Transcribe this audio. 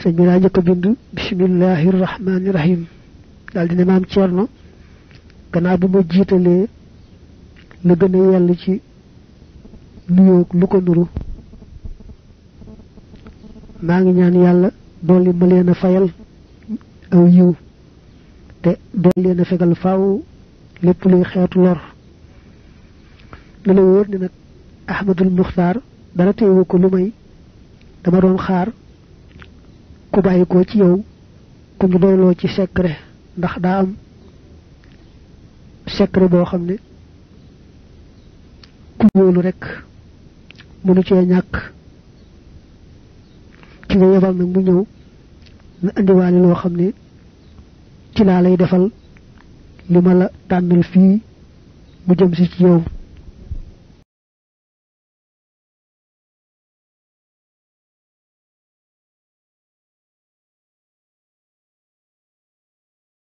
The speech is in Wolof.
sëñ bi daa njëkk a bind bismillahi rahmaani rahim daal di ne maam Thierno gannaaw bu ma jiitalee la gën a yàlla ci nuyoo lu ko nuru maa ngi ñaan yàlla dolli ma leen a fayal aw yiw te dolli leen a fegal faw lépp luy xeetu lor na la wóor ne nag Ahmadul Muxtaar dara teewu ko lu may dama doon xaar ku bayiko ci yow ku ñu doyloo ci secret ndax daa am secret boo xam ku wóolu rek mënu cee ñàkk ci nga yebal nag mu ñëw na indiwaale loo xam ne ci laa lay defal li la tànnal fii mu jëm ci yow